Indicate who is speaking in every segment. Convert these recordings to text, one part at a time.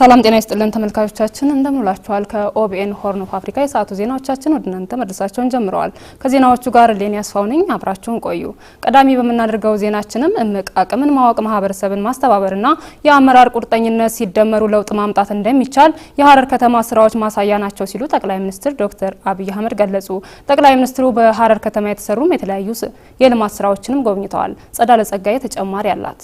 Speaker 1: ሰላም ጤና ይስጥልን ተመልካቾቻችን፣ እንደምንላችኋል። ከኦቢኤን ሆርን ኦፍ አፍሪካ የሰዓቱ ዜናዎቻችን ወደ እናንተ መድረሳቸውን ጀምረዋል። ከዜናዎቹ ጋር ሌን ያስፋው ነኝ። አብራችሁን ቆዩ። ቀዳሚ በምናደርገው ዜናችንም እምቅ አቅምን ማወቅ ማህበረሰብን ማስተባበርና የአመራር ቁርጠኝነት ሲደመሩ ለውጥ ማምጣት እንደሚቻል የሀረር ከተማ ስራዎች ማሳያ ናቸው ሲሉ ጠቅላይ ሚኒስትር ዶክተር አብይ አህመድ ገለጹ። ጠቅላይ ሚኒስትሩ በሀረር ከተማ የተሰሩም የተለያዩ የልማት ስራዎችንም ጎብኝተዋል። ጸዳለ ጸጋዬ ተጨማሪ አላት።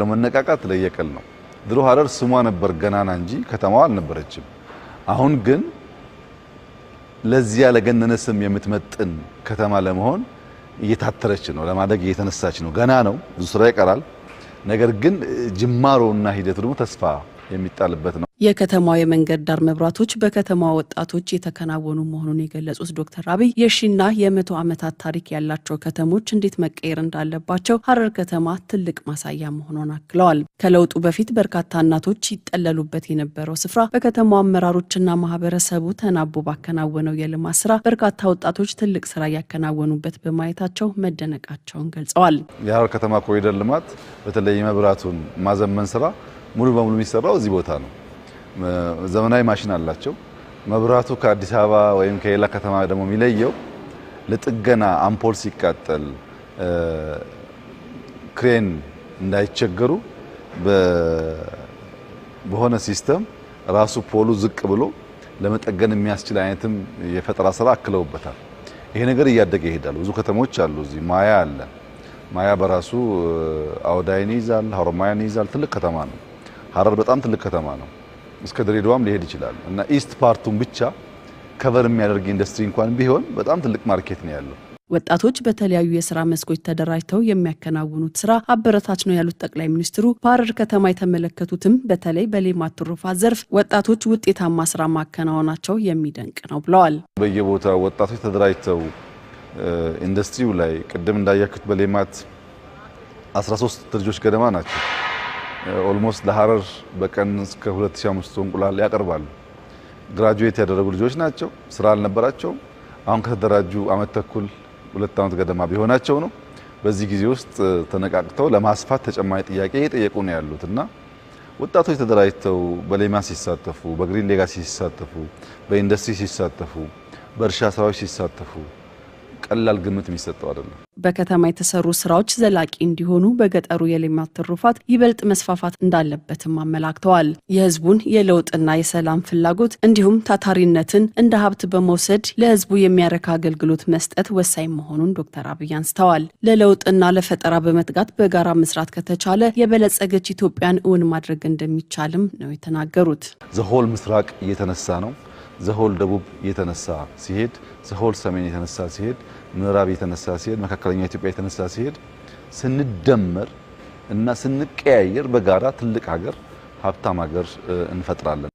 Speaker 2: ለመነቃቃት ለየቀል ነው ድሮ ሀረር ስሟ ነበር ገናና እንጂ ከተማዋ አልነበረችም። አሁን ግን ለዚያ ለገነነ ስም የምትመጥን ከተማ ለመሆን እየታተረች ነው፣ ለማደግ እየተነሳች ነው። ገና ነው፣ ብዙ ስራ ይቀራል። ነገር ግን ጅማሮና ሂደቱ ደግሞ ተስፋ የሚጣልበት ነው።
Speaker 1: የከተማዋ የመንገድ ዳር መብራቶች በከተማዋ ወጣቶች የተከናወኑ መሆኑን የገለጹት ዶክተር አብይ የሺና የመቶ ዓመታት ታሪክ ያላቸው ከተሞች እንዴት መቀየር እንዳለባቸው ሀረር ከተማ ትልቅ ማሳያ መሆኗን አክለዋል። ከለውጡ በፊት በርካታ እናቶች ይጠለሉበት የነበረው ስፍራ በከተማው አመራሮችና ማህበረሰቡ ተናቦ ባከናወነው የልማት ስራ በርካታ ወጣቶች ትልቅ ስራ እያከናወኑበት በማየታቸው መደነቃቸውን ገልጸዋል።
Speaker 2: የሀረር ከተማ ኮሪደር ልማት በተለይ መብራቱን ማዘመን ስራ ሙሉ በሙሉ የሚሰራው እዚህ ቦታ ነው። ዘመናዊ ማሽን አላቸው። መብራቱ ከአዲስ አበባ ወይም ከሌላ ከተማ ደግሞ የሚለየው ለጥገና አምፖል ሲቃጠል ክሬን እንዳይቸገሩ በሆነ ሲስተም ራሱ ፖሉ ዝቅ ብሎ ለመጠገን የሚያስችል አይነትም የፈጠራ ስራ አክለውበታል። ይሄ ነገር እያደገ ይሄዳል። ብዙ ከተሞች አሉ። እዚህ ማያ አለ። ማያ በራሱ አውዳይን ይዛል፣ ሀሮማያን ይዛል። ትልቅ ከተማ ነው። ሀረር በጣም ትልቅ ከተማ ነው። እስከ ድሬዳዋም ሊሄድ ይችላል እና ኢስት ፓርቱን ብቻ ከቨር የሚያደርግ ኢንዱስትሪ እንኳን ቢሆን በጣም ትልቅ ማርኬት ነው ያለው።
Speaker 1: ወጣቶች በተለያዩ የስራ መስኮች ተደራጅተው የሚያከናውኑት ስራ አበረታች ነው ያሉት ጠቅላይ ሚኒስትሩ በሐረር ከተማ የተመለከቱትም በተለይ በሌማት ትሩፋት ዘርፍ ወጣቶች ውጤታማ ስራ ማከናወናቸው የሚደንቅ ነው ብለዋል።
Speaker 2: በየቦታው ወጣቶች ተደራጅተው ኢንዱስትሪው ላይ ቅድም እንዳያችሁት በሌማት 13 ልጆች ገደማ ናቸው ኦልሞስት ለሀረር በቀን እስከ 2500 እንቁላል ያቀርባሉ። ግራጁዌት ያደረጉ ልጆች ናቸው። ስራ አልነበራቸውም። አሁን ከተደራጁ አመት ተኩል ሁለት አመት ገደማ ቢሆናቸው ነው። በዚህ ጊዜ ውስጥ ተነቃቅተው ለማስፋት ተጨማሪ ጥያቄ እየጠየቁ ነው ያሉት እና ወጣቶች ተደራጅተው በሌማ ሲሳተፉ፣ በግሪን ሌጋሲ ሲሳተፉ፣ በኢንዱስትሪ ሲሳተፉ፣ በእርሻ ስራዎች ሲሳተፉ ቀላል ግምት የሚሰጠው አይደለም።
Speaker 1: በከተማ የተሰሩ ስራዎች ዘላቂ እንዲሆኑ በገጠሩ የልማት ትሩፋት ይበልጥ መስፋፋት እንዳለበትም አመላክተዋል። የህዝቡን የለውጥና የሰላም ፍላጎት እንዲሁም ታታሪነትን እንደ ሀብት በመውሰድ ለህዝቡ የሚያረካ አገልግሎት መስጠት ወሳኝ መሆኑን ዶክተር አብይ አንስተዋል። ለለውጥና ለፈጠራ በመትጋት በጋራ መስራት ከተቻለ የበለጸገች ኢትዮጵያን እውን ማድረግ እንደሚቻልም ነው የተናገሩት።
Speaker 2: ዘሆል ምስራቅ እየተነሳ ነው። ዘሆል ደቡብ እየተነሳ ሲሄድ፣ ዘሆል ሰሜን እየተነሳ ሲሄድ ምዕራብ የተነሳ ሲሄድ፣ መካከለኛ ኢትዮጵያ የተነሳ ሲሄድ ስንደመር እና ስንቀያየር በጋራ ትልቅ ሀገር ሀብታም ሀገር እንፈጥራለን።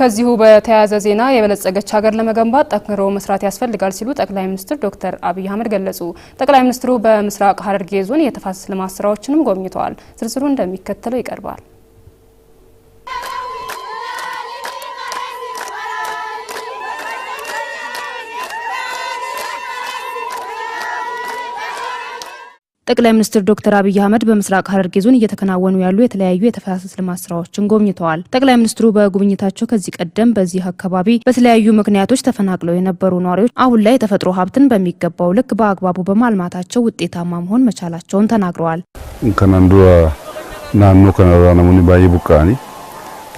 Speaker 1: ከዚሁ በተያያዘ ዜና የበለጸገች ሀገር ለመገንባት ጠንክሮ መስራት ያስፈልጋል ሲሉ ጠቅላይ ሚኒስትር ዶክተር አብይ አህመድ ገለጹ። ጠቅላይ ሚኒስትሩ በምስራቅ ሐረርጌ ዞን የተፋሰስ ልማት ስራዎችንም ጎብኝተዋል። ዝርዝሩ እንደሚከተለው ይቀርባል። ጠቅላይ ሚኒስትር ዶክተር አብይ አህመድ በምስራቅ ሐረርጌ ዞን እየተከናወኑ ያሉ የተለያዩ የተፋሰስ ልማት ስራዎችን ጎብኝተዋል። ጠቅላይ ሚኒስትሩ በጉብኝታቸው ከዚህ ቀደም በዚህ አካባቢ በተለያዩ ምክንያቶች ተፈናቅለው የነበሩ ነዋሪዎች አሁን ላይ የተፈጥሮ ሀብትን በሚገባው ልክ በአግባቡ በማልማታቸው ውጤታማ መሆን መቻላቸውን ተናግረዋል።
Speaker 2: ናኖ ከነራ ነሙኒ ባይ ቡቃኒ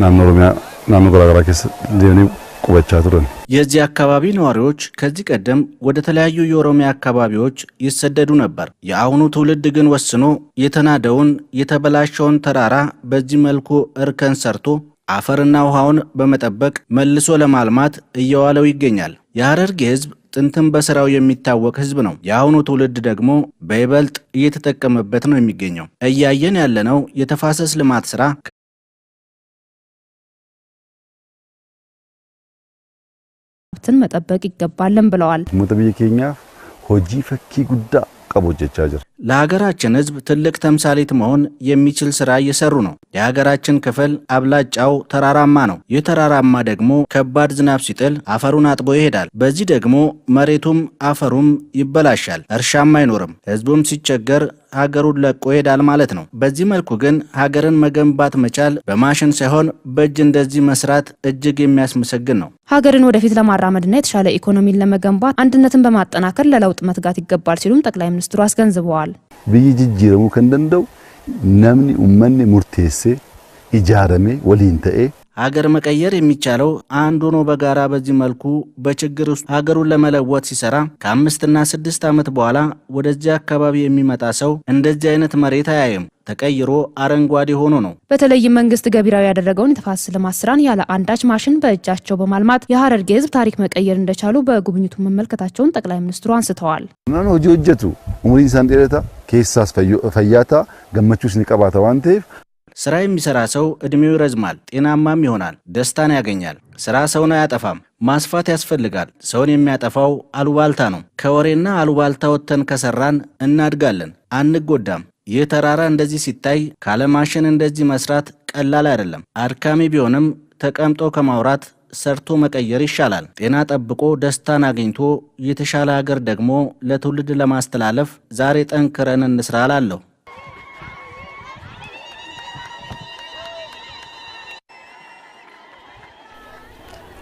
Speaker 2: ናኖ ሮሚያ ናኖ ገራገራ ኬስ ቱረን።
Speaker 1: የዚህ አካባቢ ነዋሪዎች ከዚህ ቀደም ወደ ተለያዩ የኦሮሚያ አካባቢዎች ይሰደዱ ነበር። የአሁኑ ትውልድ ግን ወስኖ የተናደውን የተበላሸውን ተራራ በዚህ መልኩ እርከን ሰርቶ አፈርና ውሃውን በመጠበቅ መልሶ ለማልማት እየዋለው ይገኛል። የሐረርጌ ሕዝብ ጥንትም በስራው የሚታወቅ ሕዝብ ነው። የአሁኑ ትውልድ ደግሞ በይበልጥ እየተጠቀመበት ነው የሚገኘው። እያየን ያለነው የተፋሰስ ልማት ስራ ሀብትን መጠበቅ ይገባልን ብለዋል።
Speaker 2: ሆጂ ፈኪ ጉዳ ቀቦጀቻ ጀር
Speaker 1: ለሀገራችን ህዝብ ትልቅ ተምሳሌት መሆን የሚችል ስራ እየሰሩ ነው። የሀገራችን ክፍል አብላጫው ተራራማ ነው። ይህ ተራራማ ደግሞ ከባድ ዝናብ ሲጥል አፈሩን አጥቦ ይሄዳል። በዚህ ደግሞ መሬቱም አፈሩም ይበላሻል፣ እርሻም አይኖርም። ህዝቡም ሲቸገር ሀገሩን ለቆ ይሄዳል ማለት ነው። በዚህ መልኩ ግን ሀገርን መገንባት መቻል በማሽን ሳይሆን በእጅ እንደዚህ መስራት እጅግ የሚያስመሰግን ነው። ሀገርን ወደፊት ለማራመድና የተሻለ ኢኮኖሚን ለመገንባት አንድነትን በማጠናከር ለለውጥ መትጋት ይገባል ሲሉም ጠቅላይ ሚኒስትሩ አስገንዝበዋል። ተናግረዋል።
Speaker 2: ብይ ጅጅረሙ ከንደንደው ነምኒ ኡመኒ ሙርቴሴ ኢጃረሜ ወሊን
Speaker 1: ሀገር መቀየር የሚቻለው አንድ ሆኖ በጋራ በዚህ መልኩ በችግር ውስጥ ሀገሩን ለመለወጥ ሲሰራ ከአምስትና ስድስት ዓመት በኋላ ወደዚያ አካባቢ የሚመጣ ሰው እንደዚህ አይነት መሬት አያይም። ተቀይሮ አረንጓዴ ሆኖ ነው። በተለይም መንግስት ገቢራዊ ያደረገውን የተፋሰስ ልማት ስራን ያለ አንዳች ማሽን በእጃቸው በማልማት የሀረርጌ ህዝብ ታሪክ መቀየር እንደቻሉ በጉብኝቱ መመልከታቸውን ጠቅላይ ሚኒስትሩ አንስተዋል።
Speaker 2: ናን ሆጂ ሆጀቱ ኡምሪን ኬሳስ ፈያታ ገመቹስ ንቀባታ ዋንቴፍ
Speaker 1: ስራ የሚሰራ ሰው እድሜው ይረዝማል፣ ጤናማም ይሆናል፣ ደስታን ያገኛል። ስራ ሰውን አያጠፋም። ማስፋት ያስፈልጋል። ሰውን የሚያጠፋው አሉባልታ ነው። ከወሬና አሉባልታ ወጥተን ከሰራን እናድጋለን፣ አንጎዳም። ይህ ተራራ እንደዚህ ሲታይ ካለማሽን እንደዚህ መስራት ቀላል አይደለም። አድካሚ ቢሆንም ተቀምጦ ከማውራት ሰርቶ መቀየር ይሻላል። ጤና ጠብቆ ደስታን አግኝቶ የተሻለ ሀገር ደግሞ ለትውልድ ለማስተላለፍ ዛሬ ጠንክረን እንስራ እላለሁ።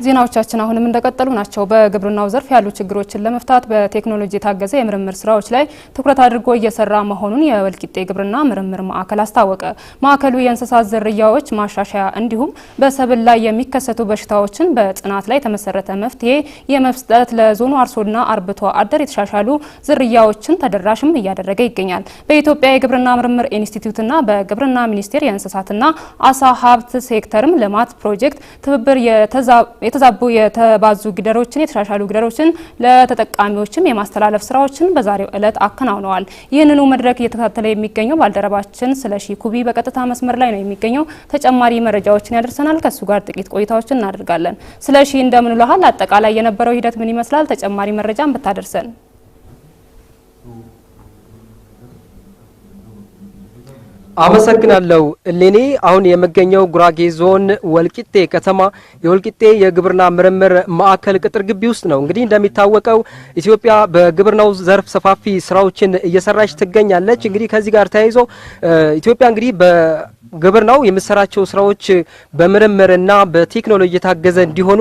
Speaker 1: ዜናዎቻችን አሁንም እንደቀጠሉ ናቸው። በግብርናው ዘርፍ ያሉ ችግሮችን ለመፍታት በቴክኖሎጂ የታገዘ የምርምር ስራዎች ላይ ትኩረት አድርጎ እየሰራ መሆኑን የወልቂጤ ግብርና ምርምር ማዕከል አስታወቀ። ማዕከሉ የእንስሳት ዝርያዎች ማሻሻያ እንዲሁም በሰብል ላይ የሚከሰቱ በሽታዎችን በጥናት ላይ የተመሰረተ መፍትሄ የመስጠት ለዞኑ አርሶና አርብቶ አደር የተሻሻሉ ዝርያዎችን ተደራሽም እያደረገ ይገኛል። በኢትዮጵያ የግብርና ምርምር ኢንስቲትዩትና በግብርና ሚኒስቴር የእንስሳትና አሳ ሀብት ሴክተርም ልማት ፕሮጀክት ትብብር የተዛ። የተዛቡ የተባዙ ግደሮችን የተሻሻሉ ግደሮችን ለተጠቃሚዎችም የማስተላለፍ ስራዎችን በዛሬው ዕለት አከናውነዋል። ይህንኑ መድረክ እየተከታተለ የሚገኘው ባልደረባችን ስለሺ ኩቢ በቀጥታ መስመር ላይ ነው የሚገኘው። ተጨማሪ መረጃዎችን ያደርሰናል። ከእሱ ጋር ጥቂት ቆይታዎችን እናደርጋለን። ስለሺ እንደምን ውለሃል? አጠቃላይ የነበረው ሂደት ምን ይመስላል? ተጨማሪ መረጃን ብታደርሰን አመሰግናለሁ። እኔ አሁን የምገኘው ጉራጌ ዞን ወልቂጤ ከተማ የወልቂጤ የግብርና ምርምር ማዕከል ቅጥር ግቢ ውስጥ ነው። እንግዲህ እንደሚታወቀው ኢትዮጵያ በግብርናው ዘርፍ ሰፋፊ ስራዎችን እየሰራች ትገኛለች። እንግዲህ ከዚህ ጋር ተያይዞ ኢትዮጵያ እንግዲህ በግብርናው የምሰራቸው ስራዎች በምርምርና በቴክኖሎጂ የታገዘ እንዲሆኑ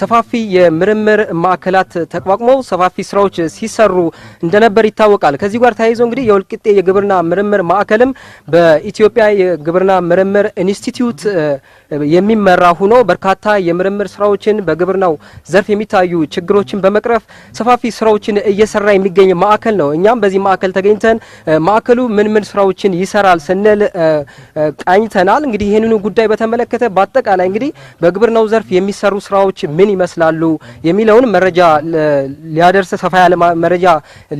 Speaker 1: ሰፋፊ የምርምር ማዕከላት ተቋቁመው ሰፋፊ ስራዎች ሲሰሩ እንደነበር ይታወቃል። ከዚህ ጋር ተያይዞ እንግዲህ የወልቂጤ የግብርና ምርምር ማዕከልም በኢትዮጵያ የግብርና ምርምር ኢንስቲትዩት የሚመራ ሆኖ በርካታ የምርምር ስራዎችን በግብርናው ዘርፍ የሚታዩ ችግሮችን በመቅረፍ ሰፋፊ ስራዎችን እየሰራ የሚገኝ ማዕከል ነው። እኛም በዚህ ማዕከል ተገኝተን ማዕከሉ ምን ምን ስራዎችን ይሰራል ስንል ቃኝተናል። እንግዲህ ይህንኑ ጉዳይ በተመለከተ በአጠቃላይ እንግዲህ በግብርናው ዘርፍ የሚሰሩ ስራዎች ምን ይመስላሉ የሚለውን መረጃ ሊያደርሰ ሰፋ ያለ መረጃ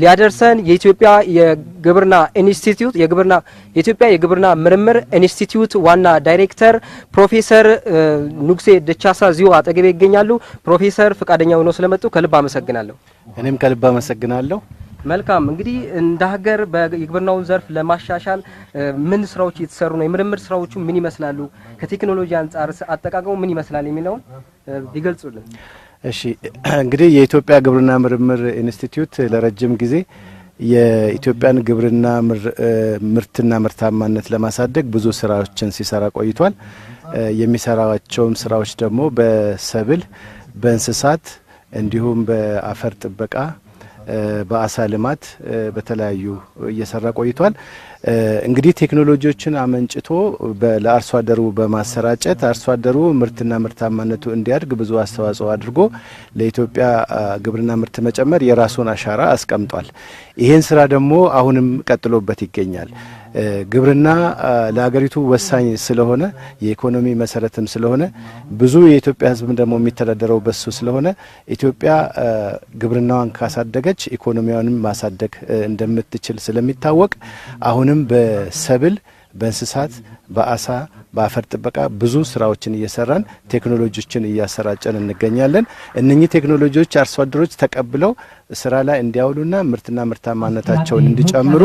Speaker 1: ሊያደርሰን የኢትዮጵያ ግብርና ኢንስቲትዩት የግብርና የኢትዮጵያ የግብርና ምርምር ኢንስቲትዩት ዋና ዳይሬክተር ፕሮፌሰር ንጉሴ ደቻሳ እዚሁ አጠገቤ ይገኛሉ። ፕሮፌሰር ፈቃደኛ ሆነው ስለመጡ ከልብ አመሰግናለሁ።
Speaker 2: እኔም ከልብ አመሰግናለሁ።
Speaker 1: መልካም እንግዲህ እንደ ሀገር የግብርናውን ዘርፍ ለማሻሻል ምን ስራዎች እየተሰሩ ነው? የምርምር ስራዎቹ ምን ይመስላሉ? ከቴክኖሎጂ አንጻር አጠቃቀሙ ምን ይመስላል የሚለውን ቢገልጹልን።
Speaker 2: እሺ እንግዲህ የኢትዮጵያ ግብርና ምርምር ኢንስቲትዩት ለረጅም ጊዜ የኢትዮጵያን ግብርና ምርትና ምርታማነት ለማሳደግ ብዙ ስራዎችን ሲሰራ ቆይቷል። የሚሰራቸውም ስራዎች ደግሞ በሰብል፣ በእንስሳት እንዲሁም በአፈር ጥበቃ በአሳ ልማት በተለያዩ እየሰራ ቆይቷል። እንግዲህ ቴክኖሎጂዎችን አመንጭቶ ለአርሶ አደሩ በማሰራጨት አርሶ አደሩ ምርትና ምርታማነቱ እንዲያድግ ብዙ አስተዋጽኦ አድርጎ ለኢትዮጵያ ግብርና ምርት መጨመር የራሱን አሻራ አስቀምጧል። ይህን ስራ ደግሞ አሁንም ቀጥሎበት ይገኛል። ግብርና ለሀገሪቱ ወሳኝ ስለሆነ የኢኮኖሚ መሰረትም ስለሆነ ብዙ የኢትዮጵያ ሕዝብም ደግሞ የሚተዳደረው በሱ ስለሆነ ኢትዮጵያ ግብርናዋን ካሳደገች ኢኮኖሚዋንም ማሳደግ እንደምትችል ስለሚታወቅ አሁንም በሰብል በእንስሳት በአሳ በአፈር ጥበቃ ብዙ ስራዎችን እየሰራን ቴክኖሎጂዎችን እያሰራጨን እንገኛለን። እነኚህ ቴክኖሎጂዎች አርሶ አደሮች ተቀብለው ስራ ላይ እንዲያውሉና ምርትና ምርታማነታቸውን እንዲጨምሩ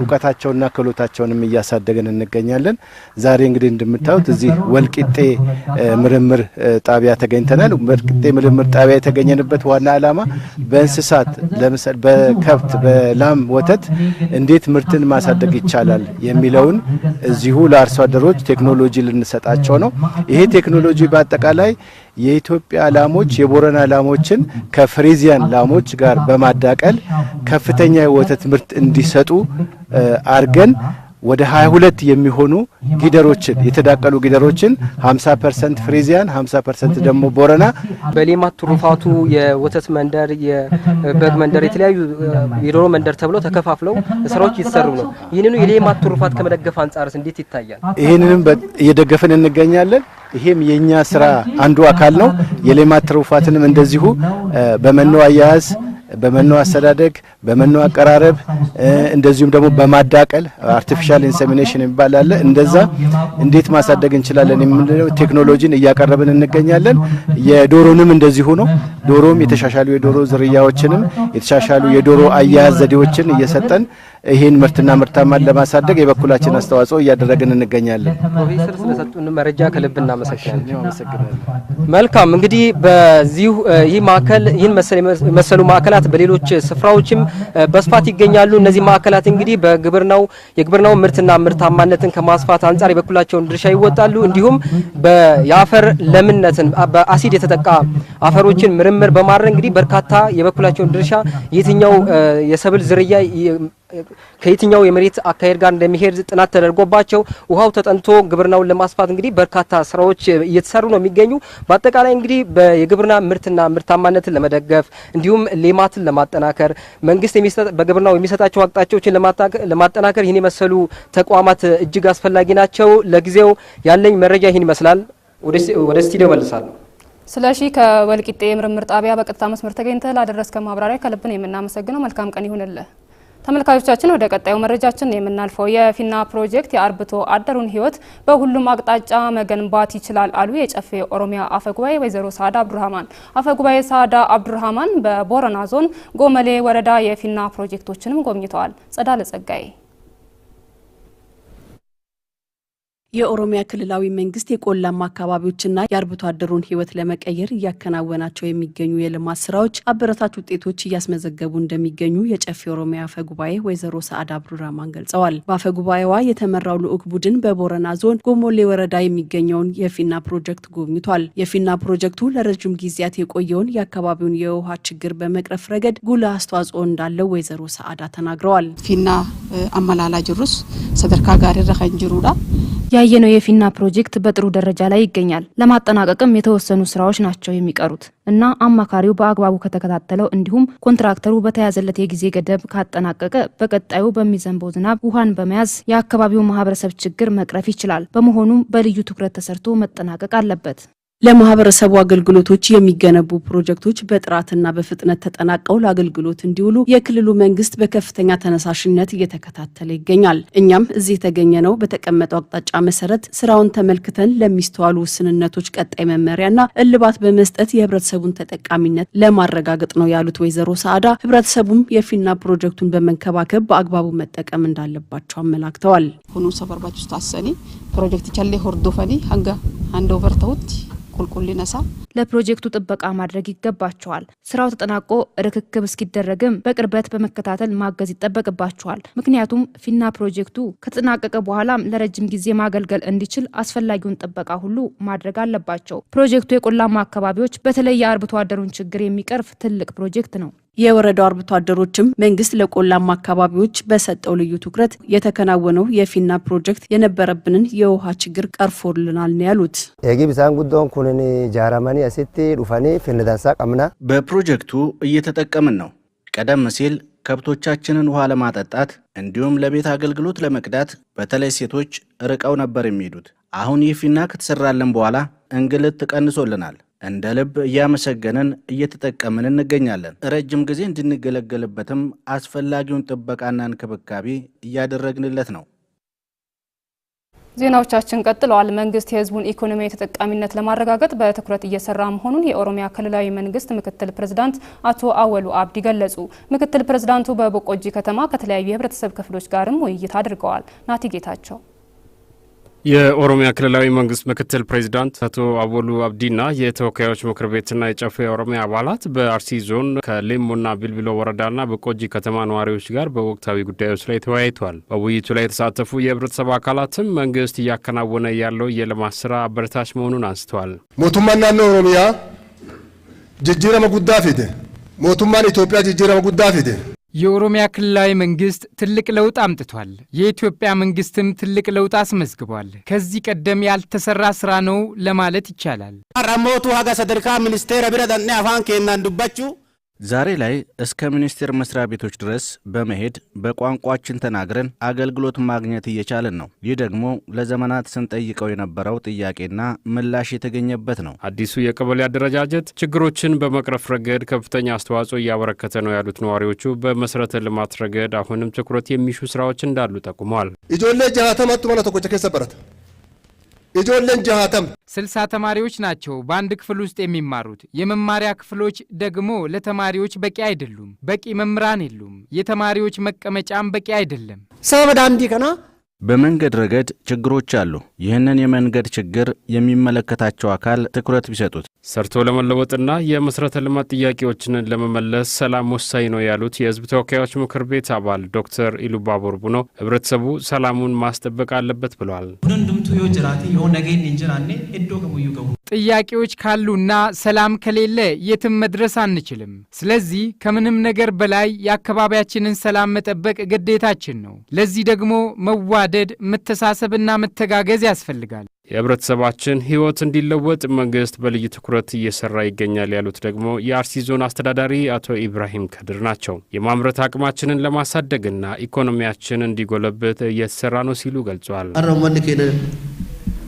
Speaker 2: እውቀታቸውንና ክህሎታቸውንም እያሳደግን እንገኛለን። ዛሬ እንግዲህ እንደምታዩት እዚህ ወልቂጤ ምርምር ጣቢያ ተገኝተናል። ወልቂጤ ምርምር ጣቢያ የተገኘንበት ዋና ዓላማ በእንስሳት ለምሳሌ በከብት በላም ወተት እንዴት ምርትን ማሳደግ ይቻላል የሚለውን እዚሁ ለአርሶ አደሮች ቴክኖሎጂ ልንሰጣቸው ነው። ይሄ ቴክኖሎጂ በአጠቃላይ የኢትዮጵያ ላሞች የቦረና ላሞችን ከፍሬዚያን ላሞች ጋር በማዳቀል ከፍተኛ የወተት ምርት እንዲሰጡ አርገን ወደ 22 የሚሆኑ ጊደሮችን የተዳቀሉ ጊደሮችን 50 ፐርሰንት ፍሬዚያን 50 ፐርሰንት ደግሞ ቦረና
Speaker 1: በሌማት ትሩፋቱ የወተት መንደር፣ የበግ መንደር፣ የተለያዩ የዶሮ መንደር ተብለው ተከፋፍለው ስራዎች እየተሰሩ ነው። ይህንኑ የሌማት ትሩፋት ከመደገፍ አንጻርስ እንዴት ይታያል?
Speaker 2: ይህንንም እየደገፍን እንገኛለን። ይሄም የኛ ስራ አንዱ አካል ነው። የሌማት ትሩፋትንም እንደዚሁ በመኖ አያያዝ በመኖ አስተዳደግ፣ በመኖ አቀራረብ እንደዚሁም ደግሞ በማዳቀል አርቲፊሻል ኢንሰሚኔሽን የሚባል አለ። እንደዛ እንዴት ማሳደግ እንችላለን የምንለው ቴክኖሎጂን እያቀረብን እንገኛለን። የዶሮንም እንደዚሁ ነው። ዶሮም የተሻሻሉ የዶሮ ዝርያዎችንም የተሻሻሉ የዶሮ አያያዝ ዘዴዎችን እየሰጠን ይህን ምርትና ምርታማን ለማሳደግ የበኩላችን አስተዋጽኦ እያደረግን እንገኛለን።
Speaker 1: ፕሮፌሰር ስለሰጡን መረጃ ከልብ እናመሰግናለን። መልካም እንግዲህ በዚሁ ይህ ማዕከል ይህን መሰሉ ማዕከላት ማዕከላት በሌሎች ስፍራዎችም በስፋት ይገኛሉ። እነዚህ ማዕከላት እንግዲህ በግብርናው የግብርናው ምርትና ምርታማነትን ከማስፋት አንጻር የበኩላቸውን ድርሻ ይወጣሉ። እንዲሁም የአፈር ለምነትን በአሲድ የተጠቃ አፈሮችን ምርምር በማድረግ እንግዲህ በርካታ የበኩላቸውን ድርሻ የትኛው የሰብል ዝርያ ከየትኛው የመሬት አካሄድ ጋር እንደሚሄድ ጥናት ተደርጎባቸው ውሃው ተጠንቶ ግብርናውን ለማስፋት እንግዲህ በርካታ ስራዎች እየተሰሩ ነው የሚገኙ። በአጠቃላይ እንግዲህ የግብርና ምርትና ምርታማነትን ለመደገፍ እንዲሁም ሌማትን ለማጠናከር መንግስት በግብርናው የሚሰጣቸው አቅጣጫዎችን ለማጠናከር ይህን የመሰሉ ተቋማት እጅግ አስፈላጊ ናቸው። ለጊዜው ያለኝ መረጃ ይህን ይመስላል። ወደ ስቱዲዮ መልሳለሁ። ስለሺ ከወልቂጤ ምርምር ጣቢያ በቀጥታ መስመር ተገኝተህ ላደረስከ ማብራሪያ ከልብን የምናመሰግነው። መልካም ቀን ይሁንልህ። ተመልካቾቻችን ወደ ቀጣዩ መረጃችን የምናልፈው የፊና ፕሮጀክት የአርብቶ አደሩን ህይወት በሁሉም አቅጣጫ መገንባት ይችላል አሉ የጨፌ ኦሮሚያ አፈጉባኤ ወይዘሮ ሳዳ አብዱራህማን። አፈጉባኤ ሳዳ አብዱራህማን በቦረና ዞን ጎመሌ ወረዳ የፊና ፕሮጀክቶችንም ጎብኝተዋል። ጸዳለ ጸጋዬ የኦሮሚያ ክልላዊ መንግስት የቆላማ አካባቢዎችና የአርብቶ አደሩን ሕይወት ለመቀየር እያከናወናቸው የሚገኙ የልማት ስራዎች አበረታች ውጤቶች እያስመዘገቡ እንደሚገኙ የጨፌ ኦሮሚያ አፈ ጉባኤ ወይዘሮ ሰአድ አብዱራማን ገልጸዋል። በአፈ ጉባኤዋ የተመራው ልዑክ ቡድን በቦረና ዞን ጎሞሌ ወረዳ የሚገኘውን የፊና ፕሮጀክት ጎብኝቷል። የፊና ፕሮጀክቱ ለረጅም ጊዜያት የቆየውን የአካባቢውን የውሃ ችግር በመቅረፍ ረገድ ጉልህ አስተዋጽኦ እንዳለው ወይዘሮ ሰአዳ ተናግረዋል።
Speaker 3: ፊና አመላላጅ ሩስ ሰደርካ ጋር ረኸን
Speaker 1: ያየነው የፊና ፕሮጀክት በጥሩ ደረጃ ላይ ይገኛል። ለማጠናቀቅም የተወሰኑ ስራዎች ናቸው የሚቀሩት እና አማካሪው በአግባቡ ከተከታተለው እንዲሁም ኮንትራክተሩ በተያዘለት የጊዜ ገደብ ካጠናቀቀ በቀጣዩ በሚዘንበው ዝናብ ውሃን በመያዝ የአካባቢው ማህበረሰብ ችግር መቅረፍ ይችላል። በመሆኑም በልዩ ትኩረት ተሰርቶ መጠናቀቅ አለበት። ለማህበረሰቡ አገልግሎቶች የሚገነቡ ፕሮጀክቶች በጥራትና በፍጥነት ተጠናቀው ለአገልግሎት እንዲውሉ የክልሉ መንግስት በከፍተኛ ተነሳሽነት እየተከታተለ ይገኛል። እኛም እዚህ የተገኘነው በተቀመጠው አቅጣጫ መሰረት ስራውን ተመልክተን ለሚስተዋሉ ውስንነቶች ቀጣይ መመሪያና እልባት በመስጠት የህብረተሰቡን ተጠቃሚነት ለማረጋገጥ ነው ያሉት ወይዘሮ ሰዓዳ ህብረተሰቡም የፊና ፕሮጀክቱን በመንከባከብ በአግባቡ መጠቀም እንዳለባቸው አመላክተዋል።
Speaker 3: ሁኑ ሰበርባች ውስጥ አሰኒ ፕሮጀክት ቻሌ ሆርዶፈኒ ሀንጋ አንድ ኦቨር ተውት ቁልቁል ይነሳል።
Speaker 1: ለፕሮጀክቱ ጥበቃ ማድረግ ይገባቸዋል። ስራው ተጠናቆ ርክክብ እስኪደረግም በቅርበት በመከታተል ማገዝ ይጠበቅባቸዋል። ምክንያቱም ፊና ፕሮጀክቱ ከተጠናቀቀ በኋላም ለረጅም ጊዜ ማገልገል እንዲችል አስፈላጊውን ጥበቃ ሁሉ ማድረግ አለባቸው። ፕሮጀክቱ የቆላማ አካባቢዎች በተለይ የአርብቶ አደሩን ችግር የሚቀርፍ ትልቅ ፕሮጀክት ነው። የወረዳው አርብቶ አደሮችም መንግስት ለቆላማ አካባቢዎች በሰጠው ልዩ ትኩረት የተከናወነው የፊና ፕሮጀክት የነበረብንን የውሃ ችግር ቀርፎልናል ያሉት።
Speaker 2: የጊብሳን ጉዶን ኩንን ጃራማኒ አሴቴ ዱፋኔ ፊንዳንሳ ቀምና
Speaker 1: በፕሮጀክቱ እየተጠቀምን ነው። ቀደም ሲል ከብቶቻችንን ውሃ ለማጠጣት እንዲሁም ለቤት አገልግሎት ለመቅዳት በተለይ ሴቶች ርቀው ነበር የሚሄዱት። አሁን ይህ ፊና ከተሰራለን በኋላ እንግልት ቀንሶልናል። እንደ ልብ እያመሰገንን እየተጠቀምን እንገኛለን። ረጅም ጊዜ እንድንገለገልበትም አስፈላጊውን ጥበቃና እንክብካቤ እያደረግንለት ነው። ዜናዎቻችን ቀጥለዋል። መንግስት የህዝቡን ኢኮኖሚያዊ ተጠቃሚነት ለማረጋገጥ በትኩረት እየሰራ መሆኑን የኦሮሚያ ክልላዊ መንግስት ምክትል ፕሬዝዳንት አቶ አወሉ አብዲ ገለጹ። ምክትል ፕሬዝዳንቱ በቦቆጂ ከተማ ከተለያዩ የህብረተሰብ ክፍሎች ጋርም ውይይት አድርገዋል። ናቲ ጌታቸው
Speaker 4: የኦሮሚያ ክልላዊ መንግስት ምክትል ፕሬዚዳንት አቶ አወሉ አብዲና የተወካዮች ምክር ቤትና የጨፌ የኦሮሚያ አባላት በአርሲ ዞን ከሌሞና ቢልቢሎ ወረዳና በቆጂ ከተማ ነዋሪዎች ጋር በወቅታዊ ጉዳዮች ላይ ተወያይቷል። በውይይቱ ላይ የተሳተፉ የህብረተሰብ አካላትም መንግስት እያከናወነ ያለው የልማት ስራ አበረታች መሆኑን አንስተዋል።
Speaker 2: ሞቱማን ኦሮሚያ ጅጅረመ ጉዳ ፊደ ሞቱማን ኢትዮጵያ ጅጅረመ ጉዳ ፊደ
Speaker 1: የኦሮሚያ ክልላዊ መንግስት ትልቅ ለውጥ አምጥቷል። የኢትዮጵያ መንግስትም ትልቅ ለውጥ አስመዝግቧል። ከዚህ ቀደም ያልተሰራ ስራ ነው ለማለት ይቻላል።
Speaker 2: ሞቱ ሀገ ሰደርካ ሚኒስቴር ብረ አፋን ኬናን ዱባችሁ
Speaker 1: ዛሬ ላይ እስከ ሚኒስቴር መስሪያ ቤቶች ድረስ በመሄድ በቋንቋችን ተናግረን አገልግሎት ማግኘት እየቻለን ነው። ይህ ደግሞ ለዘመናት ስንጠይቀው የነበረው ጥያቄና ምላሽ የተገኘበት ነው።
Speaker 4: አዲሱ የቀበሌ አደረጃጀት ችግሮችን በመቅረፍ ረገድ ከፍተኛ አስተዋጽኦ እያበረከተ ነው ያሉት ነዋሪዎቹ በመሰረተ ልማት ረገድ አሁንም ትኩረት የሚሹ ስራዎች እንዳሉ ጠቁመዋል።
Speaker 2: ኢጆሌ ጃተማቱ ከሰበረት የጆለን ጃሃተም
Speaker 1: ስልሳ ተማሪዎች ናቸው በአንድ ክፍል ውስጥ የሚማሩት። የመማሪያ ክፍሎች ደግሞ ለተማሪዎች በቂ አይደሉም። በቂ መምህራን የሉም። የተማሪዎች መቀመጫም በቂ አይደለም።
Speaker 2: ሰበዳንዲ ከና
Speaker 1: በመንገድ ረገድ ችግሮች አሉ። ይህንን የመንገድ ችግር የሚመለከታቸው አካል ትኩረት ቢሰጡት
Speaker 4: ሰርቶ ለመለወጥና የመሠረተ ልማት ጥያቄዎችን ለመመለስ ሰላም ወሳኝ ነው ያሉት የሕዝብ ተወካዮች ምክር ቤት አባል ዶክተር ኢሉባቦር ቦርቡኖ ህብረተሰቡ ሰላሙን ማስጠበቅ አለበት ብለዋል።
Speaker 1: ጥያቄዎች ካሉና ሰላም ከሌለ የትም መድረስ አንችልም። ስለዚህ ከምንም ነገር በላይ የአካባቢያችንን ሰላም መጠበቅ ግዴታችን ነው። ለዚህ ደግሞ መዋደድ፣ መተሳሰብና መተጋገዝ ያስፈልጋል።
Speaker 4: የህብረተሰባችን ህይወት እንዲለወጥ መንግስት በልዩ ትኩረት እየሰራ ይገኛል ያሉት ደግሞ የአርሲ ዞን አስተዳዳሪ አቶ ኢብራሂም ከድር ናቸው። የማምረት አቅማችንን ለማሳደግና ኢኮኖሚያችን እንዲጎለብት እየተሰራ ነው ሲሉ ገልጿል።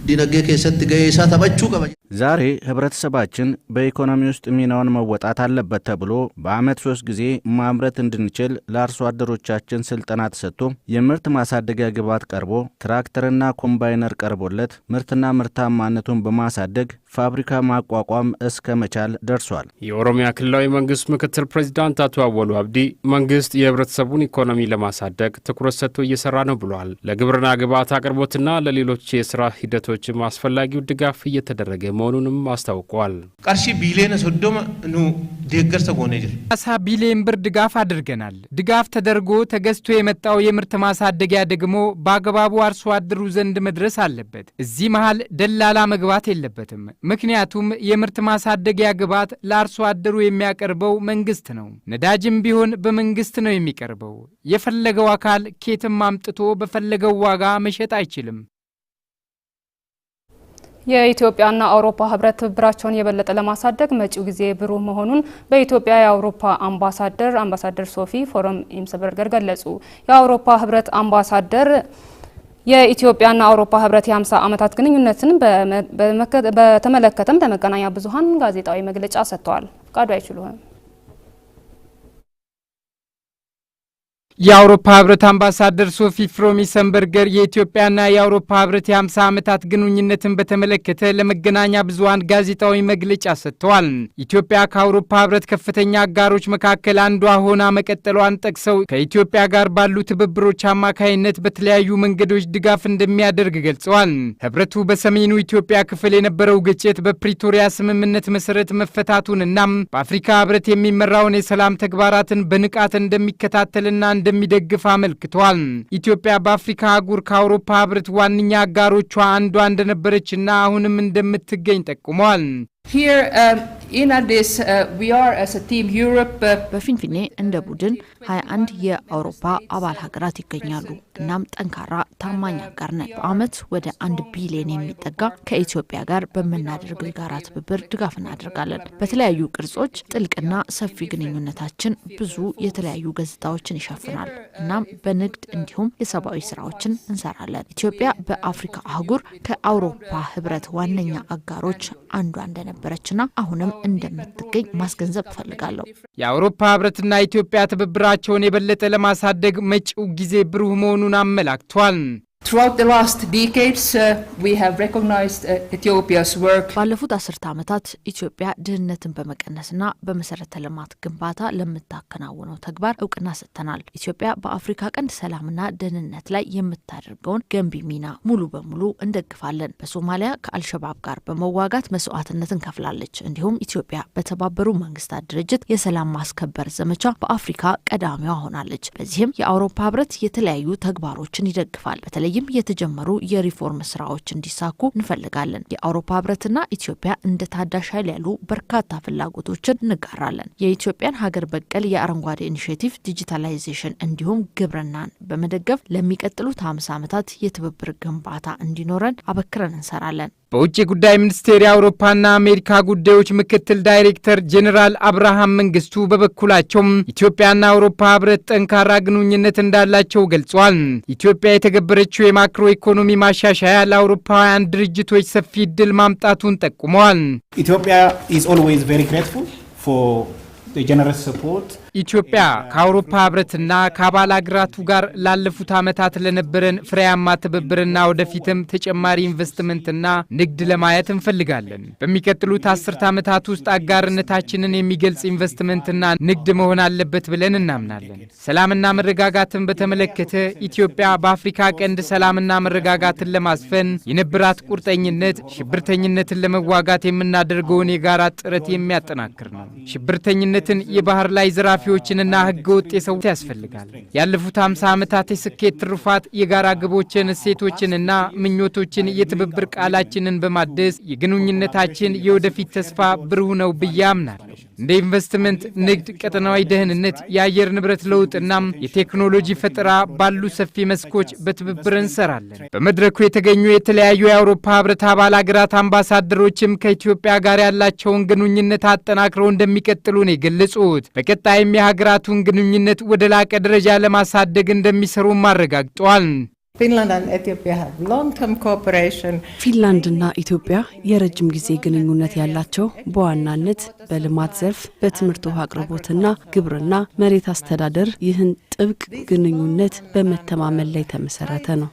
Speaker 2: ዲነጌ ከሰት ገይሳ ተበቹ ቀበ
Speaker 1: ዛሬ ህብረተሰባችን በኢኮኖሚ ውስጥ ሚናውን መወጣት አለበት ተብሎ በአመት ሶስት ጊዜ ማምረት እንድንችል ለአርሶ አደሮቻችን ስልጠና ተሰጥቶ የምርት ማሳደጊያ ግብዓት ቀርቦ ትራክተርና ኮምባይነር ቀርቦለት ምርትና ምርታማነቱን በማሳደግ ፋብሪካ ማቋቋም እስከ መቻል ደርሷል።
Speaker 4: የኦሮሚያ ክልላዊ መንግስት ምክትል ፕሬዚዳንት አቶ አወሉ አብዲ መንግስት የህብረተሰቡን ኢኮኖሚ ለማሳደግ ትኩረት ሰጥቶ እየሰራ ነው ብሏል። ለግብርና ግብዓት አቅርቦትና ለሌሎች የስራ ሂደቶችም አስፈላጊው ድጋፍ እየተደረገ መሆኑንም አስታውቋል።
Speaker 2: ቀርሺ ቢሊየን ሶዶማ ኑ ደገርሰ ጎነ ጅር
Speaker 1: ቢሊየን ብር ድጋፍ አድርገናል። ድጋፍ ተደርጎ ተገዝቶ የመጣው የምርት ማሳደጊያ ደግሞ በአግባቡ አርሶ አደሩ ዘንድ መድረስ አለበት። እዚህ መሃል ደላላ መግባት የለበትም። ምክንያቱም የምርት ማሳደጊያ ግብዓት ለአርሶ አደሩ የሚያቀርበው መንግስት ነው። ነዳጅም ቢሆን በመንግስት ነው የሚቀርበው። የፈለገው አካል ኬትም አምጥቶ በፈለገው ዋጋ መሸጥ አይችልም።
Speaker 5: የኢትዮጵያና አውሮፓ ህብረት ትብብራቸውን የበለጠ ለማሳደግ መጪው ጊዜ ብሩህ መሆኑን በኢትዮጵያ የአውሮፓ አምባሳደር አምባሳደር ሶፊ ፎረም ኢምስበርገር ገለጹ። የአውሮፓ ህብረት አምባሳደር የኢትዮጵያና አውሮፓ ህብረት የ50 ዓመታት ግንኙነትን በተመለከተም ለመገናኛ ብዙሃን ጋዜጣዊ መግለጫ ሰጥተዋል። ፍቃዱ አይችሉም
Speaker 1: የአውሮፓ ህብረት አምባሳደር ሶፊ ፍሮሚሰንበርገር የኢትዮጵያና የአውሮፓ ህብረት የ50 ዓመታት ግንኙነትን በተመለከተ ለመገናኛ ብዙሀን ጋዜጣዊ መግለጫ ሰጥተዋል። ኢትዮጵያ ከአውሮፓ ህብረት ከፍተኛ አጋሮች መካከል አንዷ ሆና መቀጠሏን ጠቅሰው ከኢትዮጵያ ጋር ባሉ ትብብሮች አማካይነት በተለያዩ መንገዶች ድጋፍ እንደሚያደርግ ገልጸዋል። ህብረቱ በሰሜኑ ኢትዮጵያ ክፍል የነበረው ግጭት በፕሪቶሪያ ስምምነት መሰረት መፈታቱንና በአፍሪካ ህብረት የሚመራውን የሰላም ተግባራትን በንቃት እንደሚከታተልና እንደሚደግፍ አመልክቷል። ኢትዮጵያ በአፍሪካ አህጉር ከአውሮፓ ህብረት ዋነኛ አጋሮቿ አንዷ እንደነበረችና አሁንም እንደምትገኝ ጠቁሟል።
Speaker 6: um, uh, uh,
Speaker 1: በፊንፊኔ እንደ ቡድን 21 የአውሮፓ አባል ሀገራት ይገኛሉ። እናም ጠንካራ ታማኝ አጋር ነን። በአመት ወደ አንድ ቢሊዮን የሚጠጋ ከኢትዮጵያ ጋር በምናደርግ የጋራ ትብብር ድጋፍ እናደርጋለን። በተለያዩ ቅርጾች ጥልቅና ሰፊ ግንኙነታችን ብዙ የተለያዩ ገጽታዎችን ይሸፍናል። እናም በንግድ እንዲሁም የሰብአዊ ስራዎችን እንሰራለን። ኢትዮጵያ በአፍሪካ አህጉር ከአውሮፓ ህብረት ዋነኛ አጋሮች አንዷ እንደነበረችና አሁንም እንደምትገኝ ማስገንዘብ እፈልጋለሁ። የአውሮፓ ህብረትና ኢትዮጵያ ትብብር ቁጥራቸውን የበለጠ ለማሳደግ መጪው ጊዜ ብሩህ መሆኑን አመላክቷል። ባለፉት አስርተ ዓመታት ኢትዮጵያ ድህነትን በመቀነስና በመሰረተ ልማት ግንባታ ለምታከናውነው ተግባር እውቅና ሰጥተናል። ኢትዮጵያ በአፍሪካ ቀንድ ሰላምና ደህንነት ላይ የምታደርገውን ገንቢ ሚና ሙሉ በሙሉ እንደግፋለን። በሶማሊያ ከአልሸባብ ጋር በመዋጋት መስዋዕትነት እንከፍላለች። እንዲሁም ኢትዮጵያ በተባበሩ መንግስታት ድርጅት የሰላም ማስከበር ዘመቻ በአፍሪካ ቀዳሚዋ ሆናለች። በዚህም የአውሮፓ ህብረት የተለያዩ ተግባሮችን ይደግፋል። በተለይ በተለይም የተጀመሩ የሪፎርም ስራዎች እንዲሳኩ እንፈልጋለን። የአውሮፓ ህብረትና ኢትዮጵያ እንደ ታዳሽ ኃይል ያሉ በርካታ ፍላጎቶችን እንጋራለን። የኢትዮጵያን ሀገር በቀል የአረንጓዴ ኢኒሽቲቭ ዲጂታላይዜሽን እንዲሁም ግብርናን በመደገፍ ለሚቀጥሉት 50 ዓመታት የትብብር ግንባታ እንዲኖረን አበክረን እንሰራለን። በውጭ ጉዳይ ሚኒስቴር የአውሮፓና አሜሪካ ጉዳዮች ምክትል ዳይሬክተር ጄኔራል አብርሃም መንግስቱ በበኩላቸውም ኢትዮጵያና አውሮፓ ህብረት ጠንካራ ግንኙነት እንዳላቸው ገልጿል። ኢትዮጵያ የተገበረችው የማክሮ ኢኮኖሚ ማሻሻያ ለአውሮፓውያን ድርጅቶች ሰፊ እድል ማምጣቱን ጠቁመዋል።
Speaker 6: ኢትዮጵያ ኢዝ ኦልዌይዝ ቬሪ ግሬትፉል ፎር ጀነረስ ሰፖርት
Speaker 1: ኢትዮጵያ ከአውሮፓ ህብረትና ከአባል አገራቱ ጋር ላለፉት ዓመታት ለነበረን ፍሬያማ ትብብርና ወደፊትም ተጨማሪ ኢንቨስትመንትና ንግድ ለማየት እንፈልጋለን። በሚቀጥሉት አስርት ዓመታት ውስጥ አጋርነታችንን የሚገልጽ ኢንቨስትመንትና ንግድ መሆን አለበት ብለን እናምናለን። ሰላምና መረጋጋትን በተመለከተ ኢትዮጵያ በአፍሪካ ቀንድ ሰላምና መረጋጋትን ለማስፈን የነበራት ቁርጠኝነት ሽብርተኝነትን ለመዋጋት የምናደርገውን የጋራ ጥረት የሚያጠናክር ነው። ሽብርተኝነትን የባህር ላይ ዘራፊ ዘራፊዎችንና ህገ ወጥ የሰው ያስፈልጋል። ያለፉት 50 ዓመታት የስኬት ትሩፋት የጋራ ግቦችን እሴቶችንና ምኞቶችን የትብብር ቃላችንን በማደስ የግንኙነታችን የወደፊት ተስፋ ብሩህ ነው ብዬ አምናለሁ። እንደ ኢንቨስትመንት፣ ንግድ፣ ቀጠናዊ ደህንነት፣ የአየር ንብረት ለውጥ እናም የቴክኖሎጂ ፈጠራ ባሉ ሰፊ መስኮች በትብብር እንሰራለን። በመድረኩ የተገኙ የተለያዩ የአውሮፓ ህብረት አባል አገራት አምባሳደሮችም ከኢትዮጵያ ጋር ያላቸውን ግንኙነት አጠናክረው እንደሚቀጥሉ ነው የገለጹት። በቀጣይም የሀገራቱን ግንኙነት ወደ ላቀ ደረጃ ለማሳደግ እንደሚሰሩም አረጋግጠዋል።
Speaker 6: ፊንላንድና
Speaker 1: ኢትዮጵያ የረጅም ጊዜ ግንኙነት ያላቸው በዋናነት በልማት ዘርፍ በትምህርት ውሃ አቅርቦትና ግብርና፣ መሬት አስተዳደር ይህን ጥብቅ ግንኙነት በመተማመን ላይ የተመሰረተ ነው።